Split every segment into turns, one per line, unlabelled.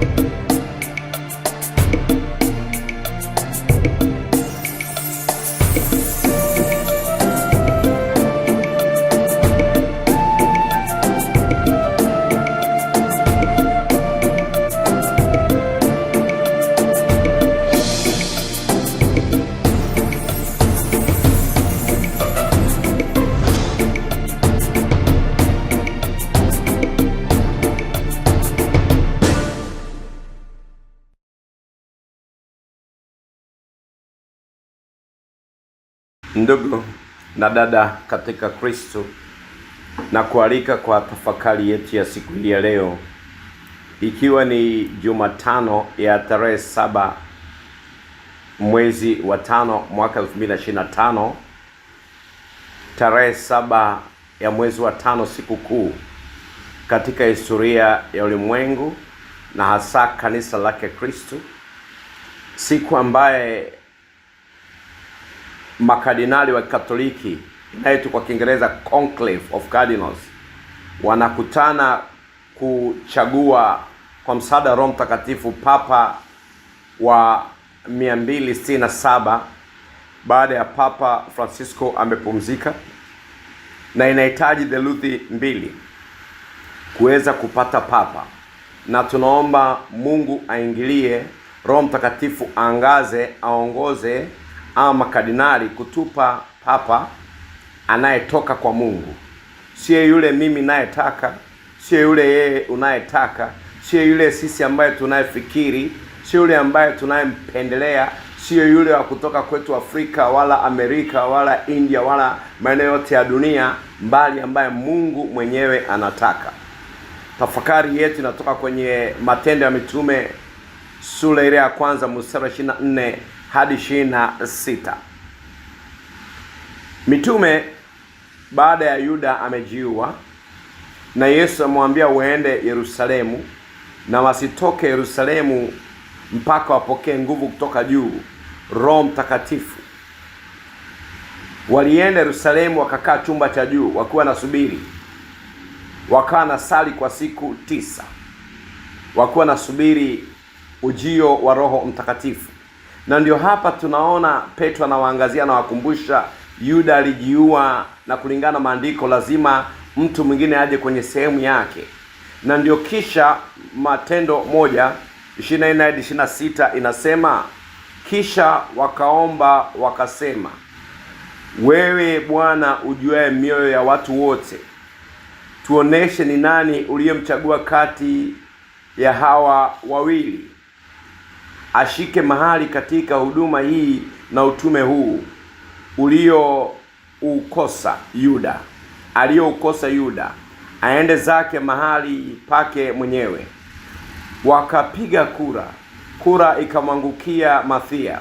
Thank you. Ndugu na dada katika Kristo, na kualika kwa tafakari yetu ya siku hii ya leo, ikiwa ni Jumatano ya tarehe saba mwezi wa tano mwaka 2025, tarehe saba ya mwezi wa tano, siku kuu katika historia ya ulimwengu na hasa kanisa lake Kristo, siku ambaye makardinali wa Kikatoliki inaitwa kwa Kiingereza Conclave of Cardinals wanakutana kuchagua kwa msaada wa Roho Mtakatifu papa wa 267 baada ya Papa Francisco amepumzika, na inahitaji theluthi mbili kuweza kupata papa, na tunaomba Mungu aingilie, Roho Mtakatifu aangaze, aongoze au makadinali kutupa papa anayetoka kwa Mungu, sio yule mimi nayetaka, sio yule yeye unayetaka, sio yule sisi ambaye tunayefikiri, sio yule ambaye tunayempendelea, sio yule wa kutoka kwetu Afrika wala Amerika wala India wala maeneo yote ya dunia, mbali ambaye Mungu mwenyewe anataka. Tafakari yetu inatoka kwenye Matendo ya Mitume sura ile ya kwanza mstari wa ishirini na nne hadi ishirini na sita. Mitume baada ya Yuda amejiua na Yesu amwambia waende Yerusalemu na wasitoke Yerusalemu mpaka wapokee nguvu kutoka juu, Roho Mtakatifu. Walienda Yerusalemu, wakakaa chumba cha juu wakiwa nasubiri, wakawa na sali kwa siku tisa wakiwa nasubiri ujio wa Roho Mtakatifu. Na ndio hapa tunaona Petro anawaangazia, anawakumbusha Yuda alijiua, na kulingana maandiko lazima mtu mwingine aje kwenye sehemu yake. Na ndio kisha Matendo moja 24 hadi 26 inasema kisha wakaomba wakasema, wewe Bwana ujuaye mioyo ya watu wote, tuoneshe ni nani uliyemchagua kati ya hawa wawili ashike mahali katika huduma hii na utume huu ulioukosa Yuda, aliyoukosa Yuda, aende zake mahali pake mwenyewe. Wakapiga kura, kura ikamwangukia Mathia,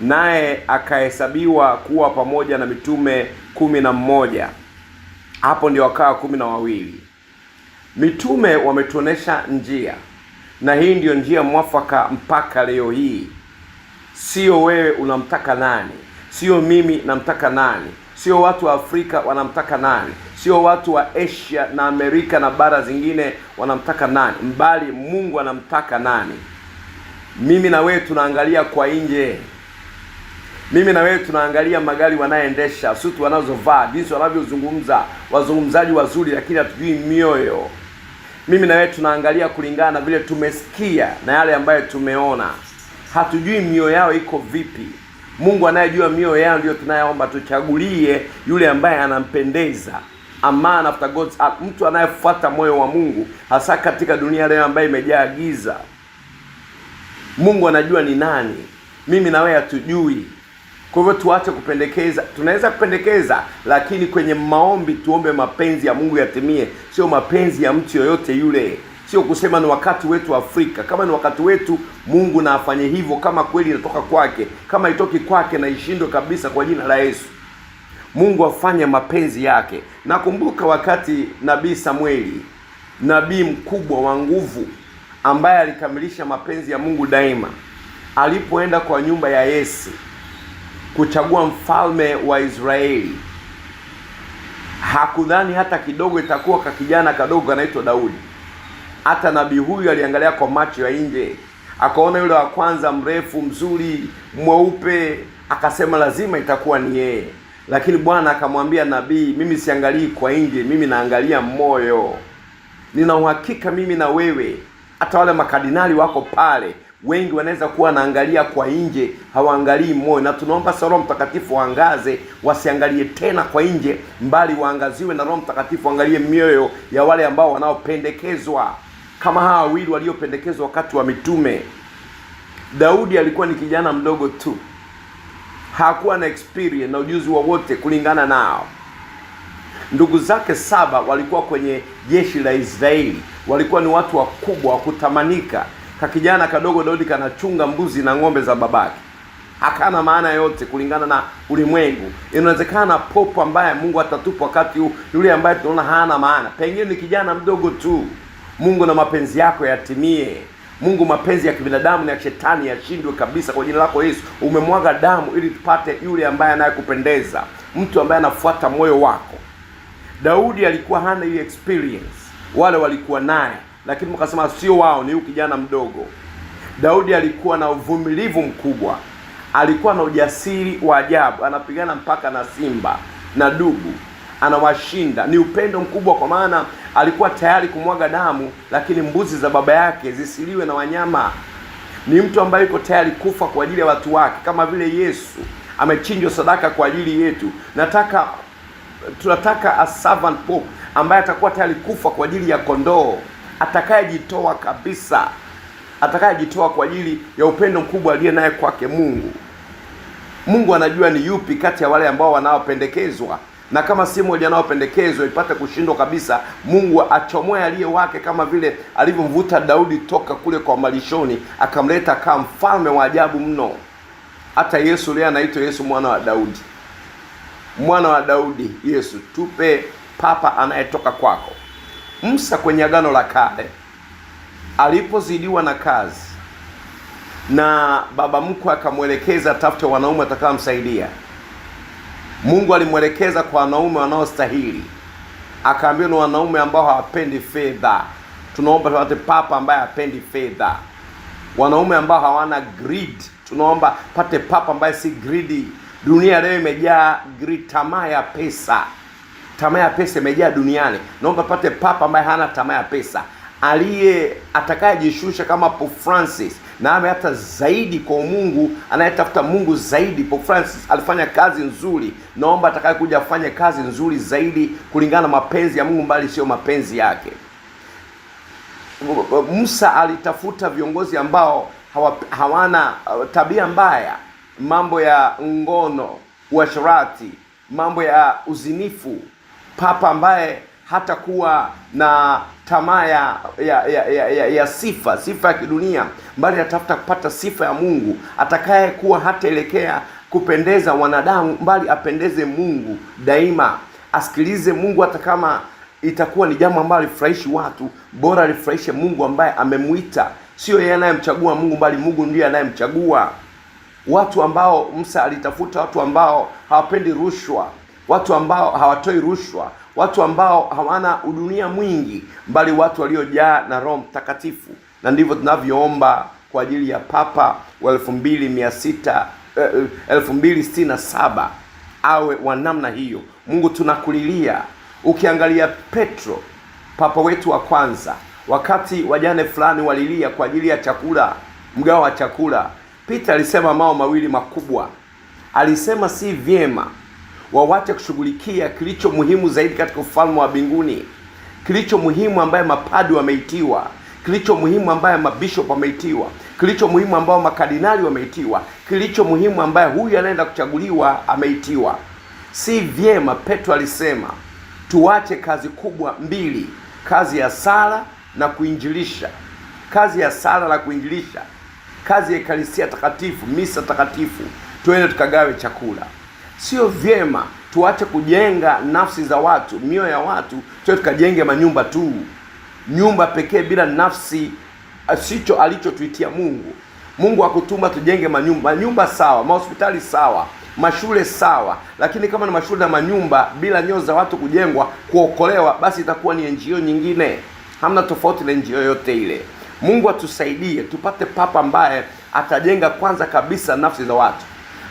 naye akahesabiwa kuwa pamoja na mitume kumi na mmoja. Hapo ndio wakawa kumi na wawili. Mitume wametuonesha njia na hii ndiyo njia mwafaka mpaka leo hii. Sio wewe unamtaka nani, sio mimi namtaka nani, sio watu wa Afrika wanamtaka nani, sio watu wa Asia na Amerika na bara zingine wanamtaka nani, mbali Mungu anamtaka nani. Mimi na wewe tunaangalia kwa nje, mimi na wewe tunaangalia magari wanayoendesha, suti wanazovaa, jinsi wanavyozungumza, wazungumzaji wazuri, lakini hatujui mioyo mimi na wewe tunaangalia kulingana na vile tumesikia na yale ambayo tumeona. Hatujui mioyo yao iko vipi. Mungu anayejua mioyo yao ndiyo tunayeomba tuchagulie yule ambaye anampendeza. A man after God's heart, mtu anayefuata moyo wa Mungu, hasa katika dunia leo ambayo imejaa giza. Mungu anajua ni nani. Mimi na wewe hatujui. Kwa hivyo tuache kupendekeza. Tunaweza kupendekeza, lakini kwenye maombi tuombe mapenzi ya Mungu yatimie, sio mapenzi ya mtu yoyote yule. Sio kusema ni wakati wetu Afrika. Kama ni wakati wetu, Mungu na afanye hivyo, kama kweli inatoka kwake. Kama itoki kwake, na ishindwe kabisa, kwa jina la Yesu. Mungu afanye mapenzi yake. Nakumbuka wakati nabii Samueli, nabii mkubwa wa nguvu, ambaye alikamilisha mapenzi ya Mungu daima, alipoenda kwa nyumba ya yesi kuchagua mfalme wa Israeli hakudhani hata kidogo itakuwa ka kijana kadogo anaitwa Daudi. Hata nabii huyu aliangalia kwa macho ya nje, akaona yule wa kwanza mrefu mzuri mweupe, akasema lazima itakuwa ni yeye. Lakini Bwana akamwambia nabii, mimi siangalii kwa nje, mimi naangalia moyo. Nina uhakika mimi na wewe hata wale makadinali wako pale, wengi wanaweza kuwa wanaangalia kwa nje, hawaangalii moyo, na tunaomba sa Roho Mtakatifu waangaze, wasiangalie tena kwa nje, mbali waangaziwe na Roho Mtakatifu, waangalie mioyo ya wale ambao wanaopendekezwa, kama hawa wawili waliopendekezwa wakati wa mitume. Daudi alikuwa ni kijana mdogo tu, hakuwa na experience na ujuzi wowote kulingana nao. Ndugu zake saba walikuwa kwenye jeshi la Israeli walikuwa ni watu wakubwa wa kutamanika. Kakijana kadogo Daudi kanachunga mbuzi na ng'ombe za babake, hakana maana yote kulingana na ulimwengu. Inawezekana popo ambaye Mungu atatupa wakati huu yule ambaye tunaona hana maana, pengine ni kijana mdogo tu. Mungu na mapenzi yako yatimie. Mungu, mapenzi ya kibinadamu na ya shetani yashindwe kabisa kwa jina lako Yesu. Umemwaga damu ili tupate yule ambaye anayekupendeza, mtu ambaye anafuata moyo wako. Daudi alikuwa hana ile experience wale walikuwa naye, lakini mkasema sio wao, ni huyu kijana mdogo. Daudi alikuwa na uvumilivu mkubwa, alikuwa na ujasiri wa ajabu, anapigana mpaka na simba na dubu anawashinda. Ni upendo mkubwa, kwa maana alikuwa tayari kumwaga damu, lakini mbuzi za baba yake zisiliwe na wanyama. Ni mtu ambaye yuko tayari kufa kwa ajili ya watu wake, kama vile Yesu amechinjwa sadaka kwa ajili yetu. Nataka tunataka a servant pope ambaye atakuwa tayari kufa kwa ajili ya kondoo, atakayejitoa kabisa, atakayejitoa kwa ajili ya upendo mkubwa aliye naye kwake Mungu. Mungu anajua ni yupi kati ya wale ambao wanaopendekezwa, na kama si mmoja anaopendekezwa ipate kushindwa kabisa, Mungu achomoe aliye wake, kama vile alivyomvuta Daudi toka kule kwa malishoni akamleta akaa mfalme wa ajabu mno. Hata Yesu leo anaitwa Yesu mwana wa Daudi, mwana wa Daudi. Yesu tupe papa anayetoka kwako. Musa kwenye Agano la Kale alipozidiwa na kazi na baba mkwe akamwelekeza tafute wanaume watakaomsaidia, Mungu alimwelekeza kwa wanaume wanaostahili, akaambiwa ni wanaume ambao hawapendi fedha. Tunaomba tupate papa ambaye hapendi fedha, wanaume ambao hawana greed. Tunaomba pate papa ambaye si greedy. Dunia leo imejaa greed, tamaa ya pesa tamaa ya pesa imejaa duniani. Naomba pate papa ambaye hana tamaa ya pesa, aliye atakayejishusha kama Pope Francis na ame hata zaidi kwa Mungu, anayetafuta Mungu zaidi. Pope Francis alifanya kazi nzuri, naomba atakayekuja afanye kazi nzuri zaidi kulingana na mapenzi ya Mungu, mbali sio mapenzi yake. Musa alitafuta viongozi ambao hawa, hawana uh, tabia mbaya, mambo ya ngono, uasherati, mambo ya uzinifu papa ambaye hatakuwa na tamaa ya ya, ya, ya ya sifa sifa ya kidunia, bali atafuta kupata sifa ya Mungu, atakayekuwa hataelekea kupendeza wanadamu, bali apendeze Mungu daima, asikilize Mungu hata kama itakuwa ni jambo ambalo alifurahishi watu, bora alifurahishe Mungu ambaye amemwita. Sio yeye anayemchagua Mungu, bali Mungu ndiye anayemchagua. Watu ambao Musa alitafuta watu ambao hawapendi rushwa watu ambao hawatoi rushwa, watu ambao hawana udunia mwingi, mbali watu waliojaa na Roho Mtakatifu. Na ndivyo tunavyoomba kwa ajili ya Papa wa elfu mbili mia sita eh, elfu mbili sitini na saba awe wa namna hiyo. Mungu tunakulilia. Ukiangalia Petro, papa wetu wa kwanza, wakati wajane fulani walilia kwa ajili ya chakula, mgao wa chakula, Petro alisema mao mawili makubwa. Alisema si vyema wawache kushughulikia kilicho muhimu zaidi katika ufalme wa binguni kilicho muhimu ambaye mapadi wameitiwa, kilicho muhimu ambaye mabishop wameitiwa, kilicho muhimu ambayo makardinali wameitiwa, kilicho muhimu ambaye huyu anaenda kuchaguliwa ameitiwa. Si vyema, Petro alisema tuache kazi kubwa mbili, kazi ya sala na kuinjilisha, kazi ya sala na kuinjilisha, kazi ya Ekarisia Takatifu, misa takatifu, tuende tukagawe chakula sio vyema tuache kujenga nafsi za watu, mioyo ya watu, tuwe tukajenge manyumba tu, nyumba pekee bila nafsi, eh, sicho alichotuitia Mungu. Mungu akutuma tujenge manyumba. Manyumba sawa, mahospitali sawa, mashule sawa, lakini kama ni mashule na manyumba bila nyoo za watu kujengwa, kuokolewa, basi itakuwa ni NGO nyingine, hamna tofauti na NGO yoyote ile. Mungu atusaidie tupate papa ambaye atajenga kwanza kabisa nafsi za watu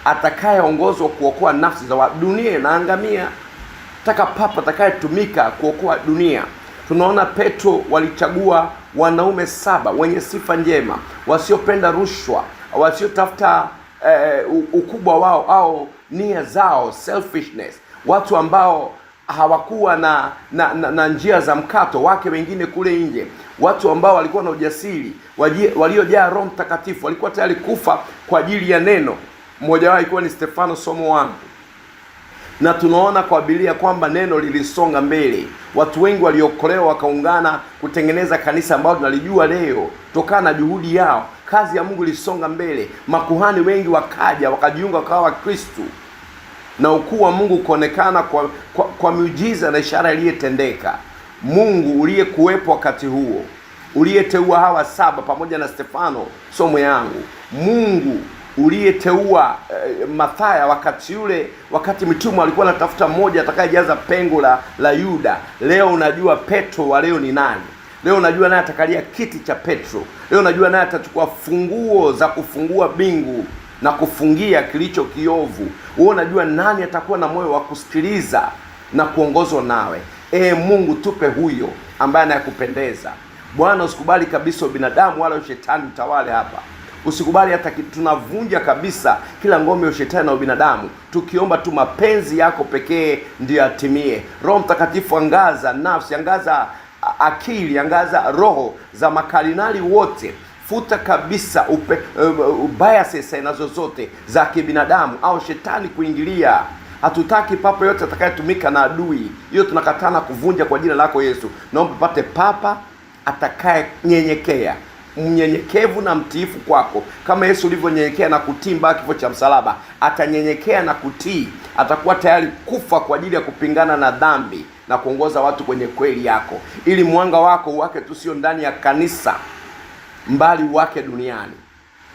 atakayeongozwa kuokoa nafsi za watu, dunia inaangamia. Taka papa atakayetumika kuokoa dunia. Tunaona Petro walichagua wanaume saba wenye sifa njema, wasiopenda rushwa, wasiotafuta eh, ukubwa wao au nia zao, selfishness, watu ambao hawakuwa na na, na na njia za mkato wake wengine kule nje, watu ambao walikuwa na ujasiri, waliojaa Roho Mtakatifu, walikuwa tayari kufa kwa ajili ya neno mmoja wao ikiwa ni Stefano somo wangu, na tunaona kwa Biblia kwamba neno lilisonga mbele, watu wengi waliokolewa wakaungana kutengeneza kanisa ambalo tunalijua leo, tokana na juhudi yao. Kazi ya Mungu ilisonga mbele, makuhani wengi wakaja wakajiunga wakawa Wakristo na ukuu wa Mungu kuonekana kwa, kwa, kwa miujiza na ishara iliyotendeka. Mungu uliyekuwepo wakati huo uliyeteua hawa saba pamoja na Stefano somo yangu, Mungu uliyeteua e, eh, Mathaya wakati yule, wakati mitume alikuwa anatafuta mmoja atakayejaza pengo la, la Yuda. Leo unajua Petro wa leo ni nani? Leo unajua naye atakalia kiti cha Petro. Leo unajua naye atachukua funguo za kufungua bingu na kufungia kilicho kiovu. Wewe unajua nani atakuwa na moyo wa kusikiliza na kuongozwa nawe. E Mungu, tupe huyo ambaye anayekupendeza. Bwana, usikubali kabisa binadamu wala shetani utawale hapa. Usikubali hata Tunavunja kabisa kila ngome ya shetani na ubinadamu, tukiomba tu mapenzi yako pekee ndiyo atimie. Roho Mtakatifu, angaza nafsi, angaza akili, angaza roho za makardinali wote Futa kabisa upe, uh, biases na zozote za kibinadamu au shetani kuingilia. Hatutaki papa yote atakayetumika na adui, hiyo tunakatana kuvunja kwa jina lako Yesu. Naomba pate papa atakayenyenyekea mnyenyekevu na mtiifu kwako, kama Yesu ulivyonyenyekea na kutii mbaka kifo cha msalaba, atanyenyekea na kutii. Atakuwa tayari kufa kwa ajili ya kupingana na dhambi na kuongoza watu kwenye kweli yako, ili mwanga wako uwake tu, sio ndani ya kanisa, mbali uwake duniani.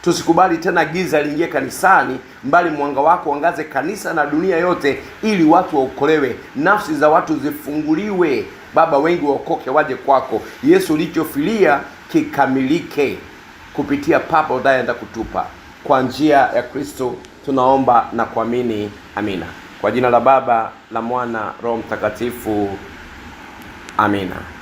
Tusikubali tena giza liingie kanisani, mbali mwanga wako uangaze kanisa na dunia yote, ili watu waokolewe, nafsi za watu zifunguliwe. Baba, wengi waokoke waje kwako. Yesu ulichofilia kikamilike kupitia Papa unayeenda kutupa kwa njia ya Kristo tunaomba na kuamini, amina. Kwa jina la Baba, la Mwana, Roho Mtakatifu, amina.